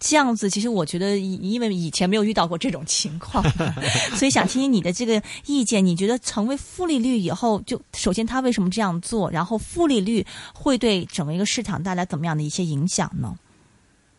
這樣子，其實我覺得，因為以前沒有遇到過這種情況， 所以想聽聽你的這個意見。你覺得成為負利率以後，就首先他為什麼這樣做？然後負利率會對整個一個市場帶來怎麼樣的一些影響呢？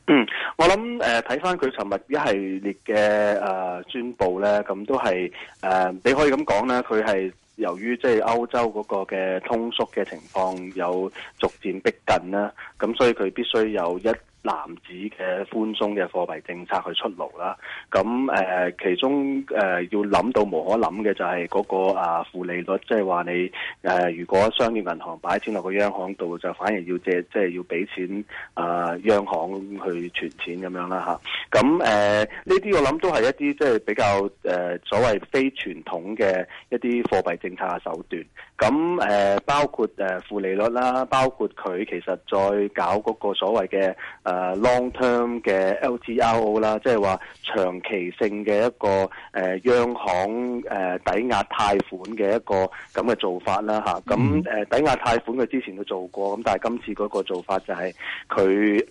嗯，我諗誒，睇翻佢尋日一系列嘅呃宣布呢，咁都係呃，你可以咁講呢，佢係由於即係歐洲嗰個嘅通縮嘅情況有逐漸逼近啦，咁所以佢必須有一。男子嘅寬鬆嘅貨幣政策去出爐啦，咁誒、呃、其中誒、呃、要諗到無可諗嘅就係嗰、那個啊負利率，即係話你誒、呃、如果商業銀行擺錢落個央行度，就反而要借即係、就是、要俾錢啊、呃、央行去存錢咁樣啦吓，咁誒呢啲我諗都係一啲即係比較誒、呃、所謂非傳統嘅一啲貨幣政策嘅手段。咁誒、呃、包括誒、呃、負利率啦，包括佢其實再搞嗰個所謂嘅。呃誒 long-term 嘅 LTRO 啦，即係話長期性嘅一個誒央行誒抵押貸款嘅一個咁嘅做法啦嚇。咁、嗯、誒抵押貸款佢之前都做過，咁但係今次嗰個做法就係佢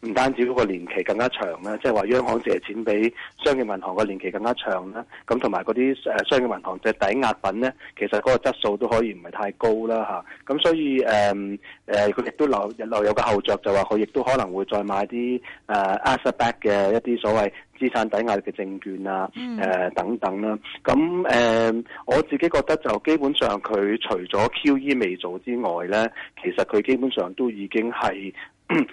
唔單止嗰個年期更加長啦，即係話央行借錢俾商業銀行個年期更加長啦。咁同埋嗰啲誒商業銀行嘅抵押品咧，其實嗰個質素都可以唔係太高啦嚇。咁所以誒誒佢亦都留留有個後著，就話佢亦都可能會再。買啲誒 asset back 嘅一啲所謂資產抵押嘅證券啊，誒、mm. 啊、等等啦、啊。咁誒，uh, 我自己覺得就基本上佢除咗 QE 未做之外咧，其實佢基本上都已經係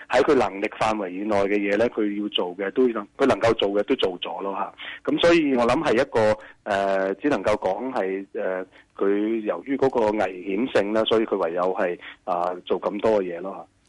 喺佢能力範圍以內嘅嘢咧，佢要做嘅都能，佢能夠做嘅都做咗咯吓。咁所以我諗係一個誒，uh, 只能夠講係誒，佢、uh, 由於嗰個危險性啦，所以佢唯有係啊、uh, 做咁多嘅嘢咯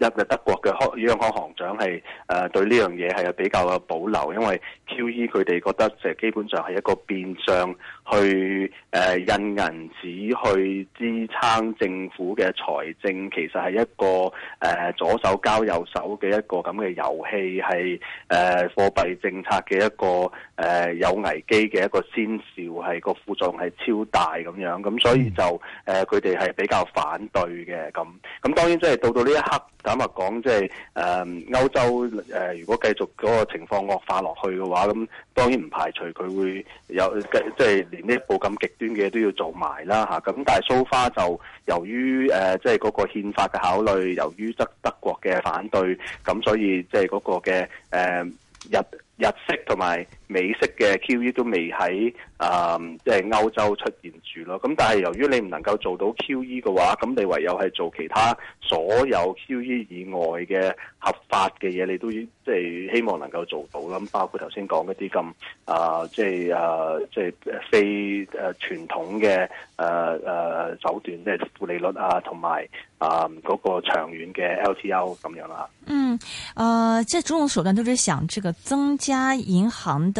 一係德國嘅央行行長係誒對呢樣嘢係比較有保留，因為 QE 佢哋覺得其實基本上係一個變相去誒印銀紙去支撐政府嘅財政，其實係一個誒左手交右手嘅一個咁嘅遊戲，係誒貨幣政策嘅一個誒有危機嘅一個先兆，係個副作用係超大咁樣，咁所以就誒佢哋係比較反對嘅咁。咁當然即係到到呢一刻。坦白講，即係誒歐洲誒，如果繼續嗰個情況惡化落去嘅話，咁當然唔排除佢會有即係、就是、連呢一步咁極端嘅都要做埋啦嚇。咁、啊、但係 so far 就由於誒即係嗰個憲法嘅考慮，由於德德國嘅反對，咁所以即係嗰個嘅誒、啊、日日式同埋，美式嘅 QE 都未喺啊，即、嗯、係、就是、歐洲出現住咯。咁但係由於你唔能夠做到 QE 嘅話，咁你唯有係做其他所有 QE 以外嘅合法嘅嘢，你都即係、就是、希望能夠做到啦。咁包括頭先講一啲咁啊，即係啊、呃，即係非誒、呃、傳統嘅誒誒手段，即係負利率啊，同埋啊嗰個長遠嘅 LTO 咁樣啦、啊。嗯，誒、呃，即係種種手段都係想這個增加銀行嘅。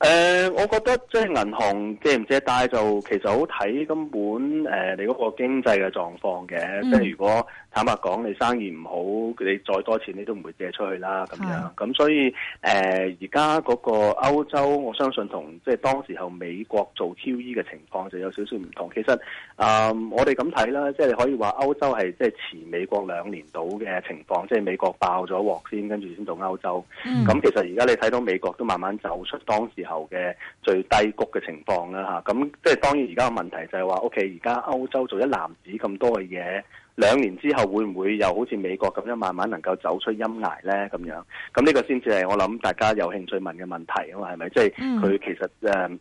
誒、呃，我覺得即係銀行借唔借貸就其實好睇根本誒、呃，你嗰個經濟嘅狀況嘅、嗯。即係如果坦白講，你生意唔好，你再多錢你都唔會借出去啦。咁樣咁、嗯、所以誒，而家嗰個歐洲，我相信同即係當時候美國做 QE 嘅情況就有少少唔同。其實啊、呃，我哋咁睇啦，即係可以話歐洲係即係遲美國兩年到嘅情況，即係美國爆咗鑊先，跟住先到歐洲。咁、嗯、其實而家你睇到美國都慢慢走出當時，後嘅最低谷嘅情況啦吓，咁即係當然，而家嘅問題就係話 OK，而家歐洲做一籃子咁多嘅嘢。兩年之後會唔會又好似美國咁樣慢慢能夠走出陰霾咧？咁樣咁呢個先至係我諗大家有興趣問嘅問題啊嘛？係咪？即係佢其實誒，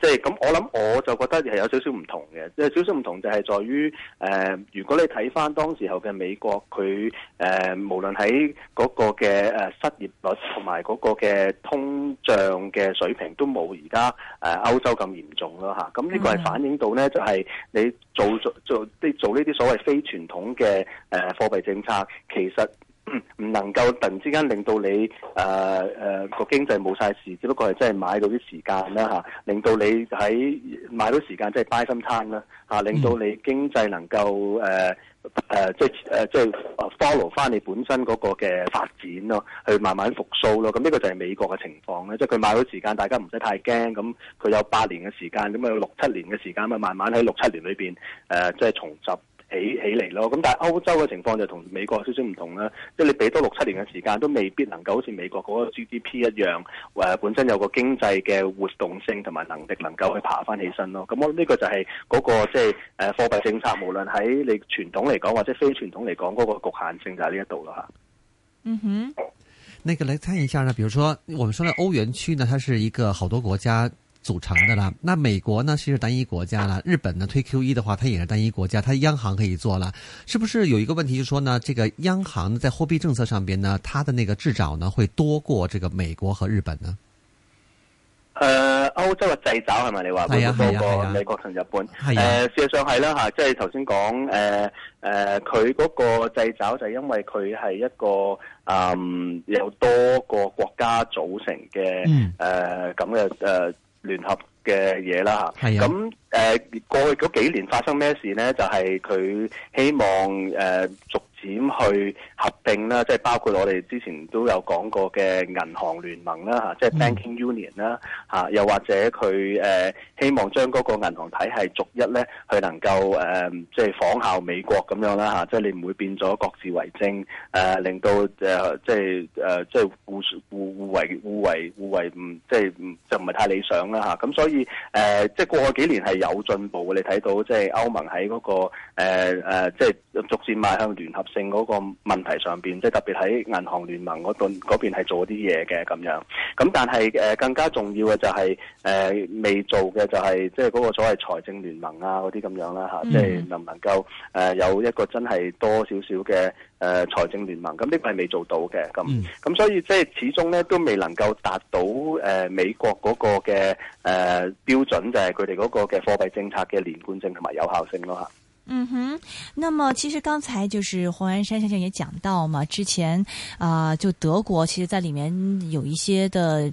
即係咁我諗我就覺得係有少少唔同嘅，即係少少唔同就係在於誒、呃，如果你睇翻當時候嘅美國，佢誒、呃、無論喺嗰個嘅失業率同埋嗰個嘅通脹嘅水平都冇而家誒歐洲咁嚴重咯吓，咁、啊、呢個係反映到咧，就係、是、你做做做啲做呢啲所謂非傳統。講嘅誒貨幣政策其實唔能夠突然之間令到你誒誒個經濟冇晒事，只不過係真係買到啲時間啦嚇、啊，令到你喺買到時間即係、即係、buy some time 啦、啊、嚇，令到你經濟能夠誒誒即係誒即係 follow 翻你本身嗰個嘅發展咯，去慢慢復甦咯。咁呢個就係美國嘅情況咧，即係佢買到時間，大家唔使太驚。咁佢有八年嘅時間，咁有六七年嘅時間，咪慢慢喺六七年裏邊誒即係重拾起起嚟咯，咁但係歐洲嘅情況就同美國有少少唔同啦，即係你俾多六七年嘅時間都未必能夠好似美國嗰個 GDP 一樣，誒、呃、本身有個經濟嘅活動性同埋能力能夠去爬翻起身咯。咁我呢個就係嗰個即係誒貨幣政策，無論喺你傳統嚟講或者非傳統嚟講，嗰個局限性就喺呢一度啦。吓，嗯哼，那個嚟看一下咧，比如說我們說嘅歐元區呢，它是一個好多國家。組成的啦，那美國呢，其實單一國家啦，日本呢，推 QE 的話，它也是單一國家，它央行可以做啦。是不是有一個問題，就是說呢，這個央行呢，在貨幣政策上面呢，它的那個掣肘呢，會多過這個美國和日本呢？呃，歐洲嘅掣肘係咪你話會多過美國同日本？係誒、呃，事實上係啦，吓，即係頭先講，誒、呃、誒，佢，呃、嗰個掣肘就因為佢係一個啊、呃、有多個國家組成嘅，誒咁嘅誒。呃，這樣的呃聯合嘅嘢啦吓，係嚇，咁。誒，過去嗰幾年發生咩事咧？就係、是、佢希望誒，逐漸去合併啦，即係包括我哋之前都有講過嘅銀行聯盟啦，嚇即係 Banking Union 啦，嚇又或者佢誒希望將嗰個銀行體系逐一咧去能夠誒，即係仿效美國咁樣啦，嚇即係你唔會變咗各自為政，誒令到誒即係誒即係互互互為互為互為唔即係唔就唔係太理想啦嚇。咁所以誒即係過去幾年係有進步，你睇到即係歐盟喺嗰、嗰個誒、呃、即係逐漸邁向聯合性嗰個問題上面，即係特別喺銀行聯盟嗰邊嗰邊係做啲嘢嘅咁樣。咁但係、呃、更加重要嘅就係、是呃、未做嘅就係即係嗰個所謂財政聯盟啊嗰啲咁樣啦嚇，即係能唔能夠誒、呃、有一個真係多少少嘅誒財政聯盟？咁呢個係未做到嘅咁。咁、mm. 嗯、所以即係始終咧都未能夠達到誒、呃、美國嗰個嘅誒、呃、標準，就係佢哋嗰個嘅。貨幣政策嘅連貫性同埋有效性咯吓，嗯哼，那麼其實剛才就是黃元山先生也講到嘛，之前啊、呃、就德國其實，在裏面有一些的。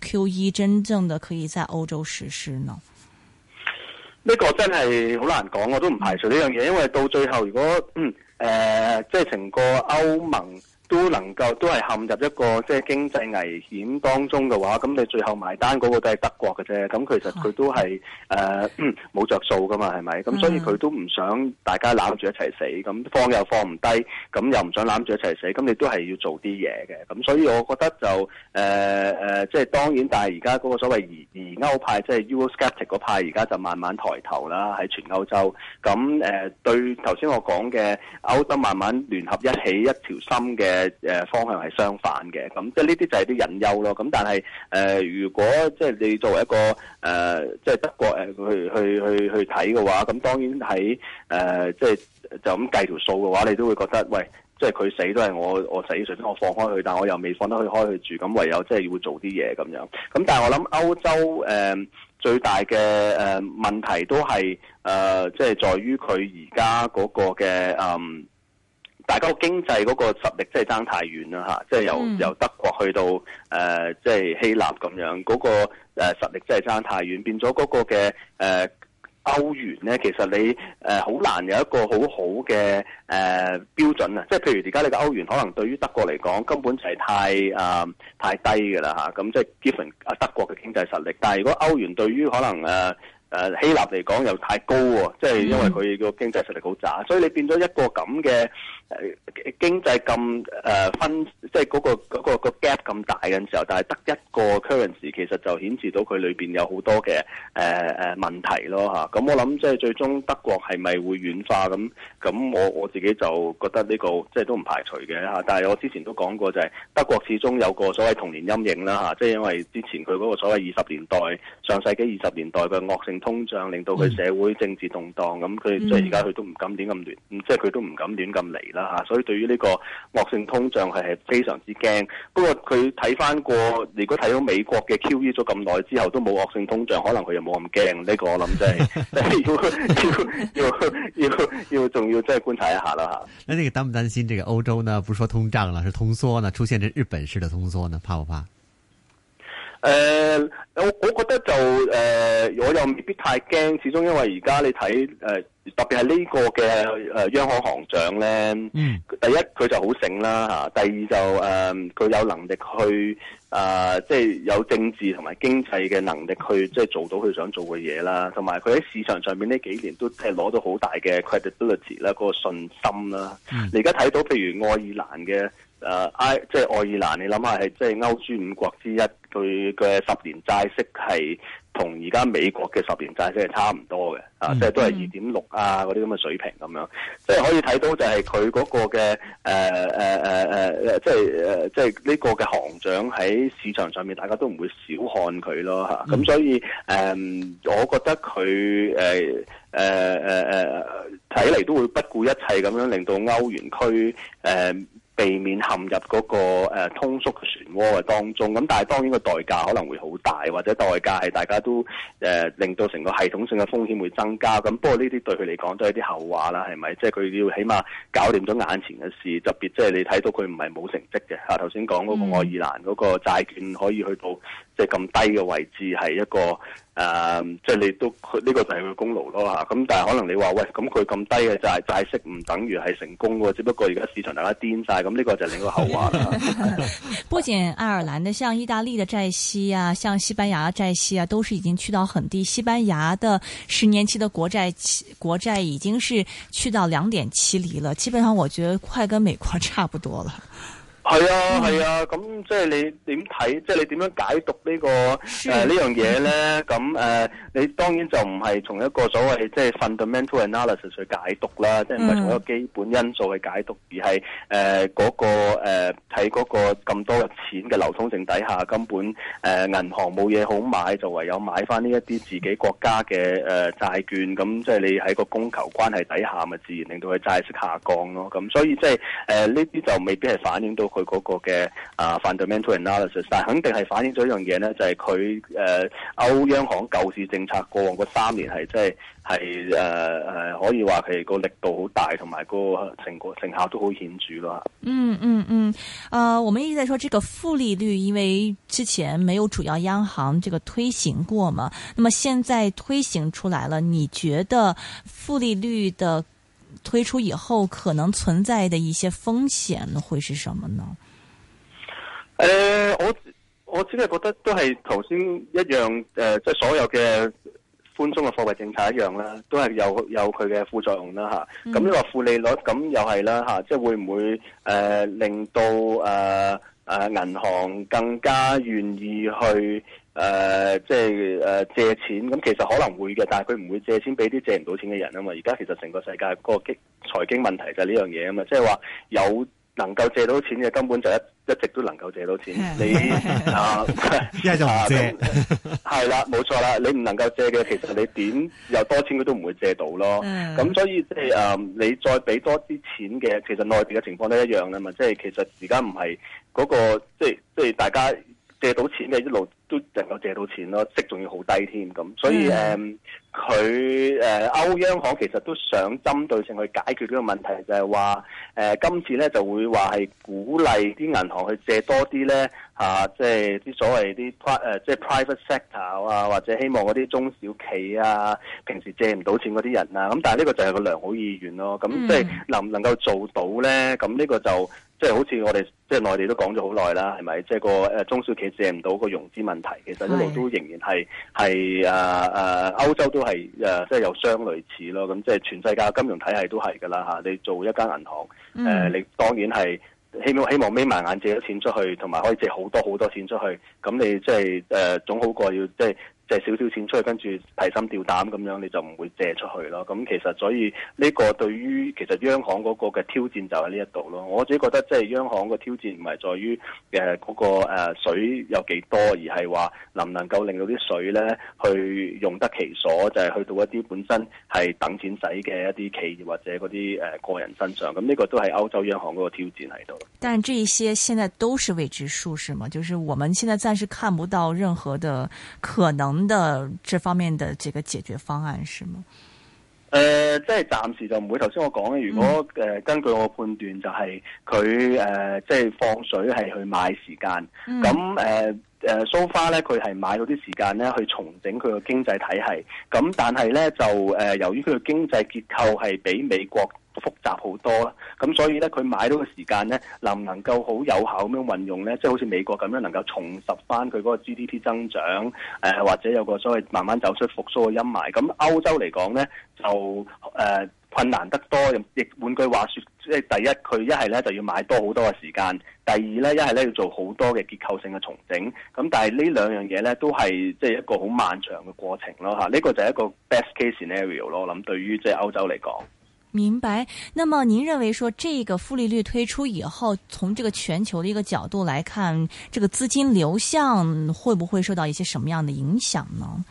QE 真正的可以在歐洲實施呢？呢、呢個真係好難講，我都唔排除呢樣嘢，因為到最後如果誒、嗯呃，即係成個歐盟。都能夠都係陷入一個即係、就是、經濟危險當中嘅話，咁你最後埋單嗰個都係德國嘅啫。咁其實佢都係誒冇着數㗎嘛，係咪？咁所以佢都唔想大家攬住一齊死，咁放又放唔低，咁又唔想攬住一齊死，咁你都係要做啲嘢嘅。咁所以我覺得就誒即係當然，但係而家嗰個所謂而疑歐派，即、就、係、是、Euro skeptic 嗰派，而家就慢慢抬頭啦，喺全歐洲。咁誒、呃、對頭先我講嘅歐德慢慢聯合一起一條心嘅。誒誒，方向係相反嘅，咁即係呢啲就係啲隱憂咯。咁但係誒、呃，如果即係、就是、你作為一個誒，即、呃、係、就是、德國誒、呃、去去去去睇嘅話，咁當然喺誒，即、呃、係就咁計條數嘅話，你都會覺得喂，即係佢死都係我我死，除非我放開佢，但我又未放得佢開去住，咁唯有即係會做啲嘢咁樣。咁但係我諗歐洲誒、呃、最大嘅誒問題都係誒，即、呃、係、就是、在於佢而家嗰個嘅嗯。呃大家個經濟嗰個實力真係爭太遠啦，即係由，嗯、由德國去到誒，即、呃、係、就是、希臘咁樣嗰、那個實實力真係爭太遠，變咗嗰個嘅誒、呃、歐元咧，其實你誒好、呃、難有一個好好嘅誒標準啊！即、就、係、是、譬如而家你個歐元可能對於德國嚟講根本就係太啊、呃、太低㗎啦，咁即係 Given 啊德國嘅經濟實力，但係如果歐元對於可能誒、呃、希臘嚟講又太高喎，即、就、係、是、因為佢個經濟實力好渣、嗯，所以你變咗一個咁嘅。誒經濟咁誒分，即係嗰個嗰、嗰個嗰個嗰個、gap 咁大嘅時候，但係得一個 currency 其實就顯示到佢裏面有好多嘅誒誒問題咯，咁、嗯、我諗即係最終德國係咪會軟化咁？咁我我自己就覺得呢、呢個即係都唔排除嘅。但係我之前都講過就係德國始終有個所謂童年陰影啦，即係因為之前佢嗰個所謂二十年代上世紀二十年代嘅惡性通脹，令到佢社會政治動盪，咁、嗯、佢、嗯、即係而家佢都唔敢亂咁亂，即係佢都唔敢亂咁嚟啦。所以對於呢個惡性通脹係係非常之驚。不過佢睇返過，如果睇到美國嘅 QE 咗咁耐之後都冇惡性通脹，可能佢又冇咁驚。呢個我諗真係要要要要要仲要真係觀察一下啦嚇。 咁你哋擔唔擔心呢個歐洲呢？唔係說通脹啦，係通縮呢？出現咗日本式嘅通縮呢？怕唔怕？誒、呃，我我覺得就誒、呃，我又未必太驚，始終因為而家你睇誒、呃，特別係呢個嘅誒央行行長咧，mm. 第一佢就好醒啦吓，第二就誒佢、呃、有能力去啊，即、呃、係、就是、有政治同埋經濟嘅能力去即係、就是、做到佢想做嘅嘢啦，同埋佢喺市場上面呢幾年都係攞到好大嘅 credibility 啦，嗰、那個信心啦，你而家睇到譬如愛爾蘭嘅。誒、呃、，I 即係愛爾蘭，你諗下係即係歐豬五國之一，佢嘅十年債息係同而家美國嘅十年債息係差唔多嘅，嗯，啊，即係都係二點六啊嗰啲咁嘅水平咁樣，即係可以睇到就係佢嗰個嘅誒誒誒誒，即係、呃、即係呢個嘅行長喺市場上面，大家都唔會小看佢咯吓，咁、啊嗯嗯、所以誒、呃，我覺得佢誒誒誒誒睇嚟都會不顧一切咁樣令到歐元區誒。呃避免陷入嗰個誒通縮漩渦嘅當中，咁但係當然個代價可能會好大，或者代價係大家都誒令到成個系統性嘅風險會增加。咁不過呢啲對佢嚟講都係啲後話啦，係咪？即係佢要起碼搞掂咗眼前嘅事，特別即係你睇到佢唔係冇成績嘅嚇。頭先講嗰個愛爾蘭嗰個債券可以去到，嗯即係咁低嘅位置係一個即係、呃就是、你都呢、這個就係佢功勞咯，吓，咁但係可能你話喂，咁佢咁低嘅債債息唔等於係成功喎，只不過而家市場大家癲晒，咁呢個就係另一個後話啦。 不僅愛爾蘭的，像意大利的債息啊，像西班牙的債息啊，都是已經去到很低。西班牙的十年期的國債國債已經是去到兩點七釐了，基本上我覺得快跟美國差不多了。係啊，係啊，咁即係你點睇？即係你點樣解讀、這個呃、呢個誒呢樣嘢咧？咁、呃、誒，你當然就唔係從一個所謂即係 fundamental analysis 去解讀啦，即係唔係從一個基本因素去解讀，而係誒嗰個睇嗰、呃、個咁多嘅錢嘅流通性底下，根本誒銀、呃、行冇嘢好買，就唯有買翻呢一啲自己國家嘅誒債券。咁即係你喺個供求關係底下，咪自然令到佢債息下降咯。咁所以即係呢啲就未必係反映到佢。佢、那、嗰個嘅啊 fundamental analysis，但肯定係反映咗一樣嘢呢，就係佢誒歐央行救市政策過往嗰三年係即係係誒誒可以話係個力度好大，同埋個成果成效都好顯著咯。嗯嗯嗯，誒、嗯呃，我們一直在說這個負利率，因為之前沒有主要央行這個推行過嘛，那麼現在推行出來了，你覺得負利率的？推出以後可能存在的一些風險會是什麼呢？誒、呃，我我只係覺得都係頭先一樣誒，即、呃、係、就是、所有嘅寬鬆嘅貨幣政策一樣啦，都係有有佢嘅副作用啦吓。咁你話負利率咁又係啦吓，即係會唔會誒、呃、令到誒？呃誒銀行更加願意去誒，即係誒借錢。咁其實可能會嘅，但係佢唔會借錢俾啲借唔到錢嘅人啊嘛。而家其實成個世界個經財經問題就係呢樣嘢啊嘛，即係話有。能夠借到錢嘅根本就一一直都能夠借到錢， 你 啊，依家就話咩？係啦，冇錯啦，你唔能夠借嘅，其實你點有多錢佢都唔會借到咯。咁 所以即係誒，你再俾多啲錢嘅，其實內地嘅情況都一樣啦嘛。即係其實而家唔係嗰個，即係即係大家借到錢嘅一路。都能夠借到錢咯，息仲要好低添咁，所以誒佢誒歐央行其實都想針對性去解決呢個問題就、呃，就係話誒今次咧就會話係鼓勵啲銀行去借多啲咧嚇，即係啲所謂啲誒即係 private sector 啊，或者希望嗰啲中小企啊，平時借唔到錢嗰啲人啊，咁但係呢個就係個良好意願咯，咁即係能唔能夠做到咧？咁、mm. 呢個就即係、就是、好似我哋即係內地都講咗好耐啦，係咪？即、就、係、是、個中小企借唔到個融資問題。其實一路都仍然係係誒誒，歐、啊啊、洲都係誒、啊，即係有相類似咯。咁即係全世界金融體系都係噶啦吓。你做一間銀行誒、嗯呃，你當然係希望希望眯埋眼借咗錢出去，同埋可以借好多好多錢出去。咁你即係誒，總好過要即係、就是借少少錢出去，跟住提心吊膽咁樣，你就唔會借出去咯。咁其實所以呢個對於其實央行嗰個嘅挑戰就喺呢一度咯。我自己覺得即係央行個挑戰唔係在於誒嗰個水有幾多，而係話能唔能夠令到啲水呢去用得其所，就係去到一啲本身係等錢使嘅一啲企業或者嗰啲誒個人身上。咁呢個都係歐洲央行嗰個挑戰喺度。但係這些現在都是未知數，是嗎？就是我們現在暫時看不到任何的可能。的這方面的這個解決方案是嗎？誒、呃，即係暫時就唔會。頭先我講咧，如果誒、嗯呃、根據我的判斷、就是，就係佢誒即係放水係去買時間，咁、嗯、誒。誒 so far 咧，佢係買到啲時間咧，去重整佢個經濟體系。咁但係咧，就誒由於佢個經濟結構係比美國複雜好多啦，咁所以咧，佢買到嘅時間咧，能唔能夠好有效咁樣運用咧？即係好似美國咁樣能夠重拾翻佢嗰個 GDP 增長，誒或者有個所謂慢慢走出復甦嘅陰霾。咁歐洲嚟講咧，就誒。呃困難得多，亦換句話說，即係第一佢一係咧就要買多好多嘅時間，第二咧一係咧要做好多嘅結構性嘅重整。咁但係呢兩樣嘢咧都係即係一個好漫長嘅過程咯嚇。呢個就係一個 best case scenario 咯。我諗對於即係歐洲嚟講，明白。那麼您認為說，這個負利率推出以後，從這個全球嘅一個角度來看，這個資金流向會不會受到一些什麼樣的影響呢？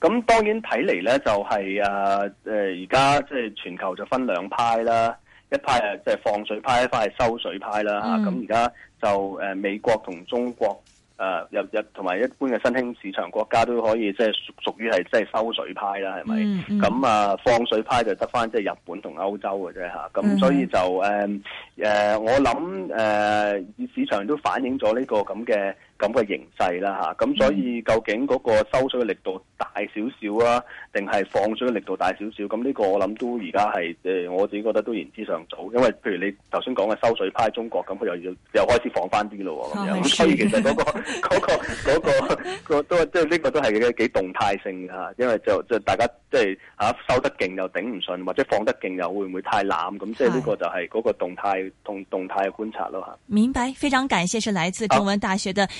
咁當然睇嚟咧，就係、是、啊而家即係全球就分兩派啦，一派即係放水派，一派係收水派啦，咁而家就、呃、美國同中國誒入入同埋一般嘅新興市場國家都可以即係屬屬於係即係收水派啦，係、嗯、咪？咁、嗯嗯、啊放水派就得返即係日本同歐洲嘅啫，咁所以就誒、呃嗯呃、我諗誒、呃、市場都反映咗呢個咁嘅。咁嘅形勢啦吓。咁、嗯、所以究竟嗰個收水嘅力度大少少啊，定係放水嘅力度大少少？咁呢個我諗都而家係誒，我自己覺得都言之尚早，因為譬如你頭先講嘅收水派中國，咁佢又要又開始放翻啲咯，咁、啊、所以其實嗰、嗰個嗰、 嗰個嗰、嗰個嗰個嗰個就是、個都即係呢個都係幾幾動態性嘅因為就就大家即係、就是啊、收得勁又頂唔順，或者放得勁又會唔會太濫？咁即係呢個就係嗰個動態動動態嘅觀察咯吓，明白，非常感謝，是來自中文大學嘅。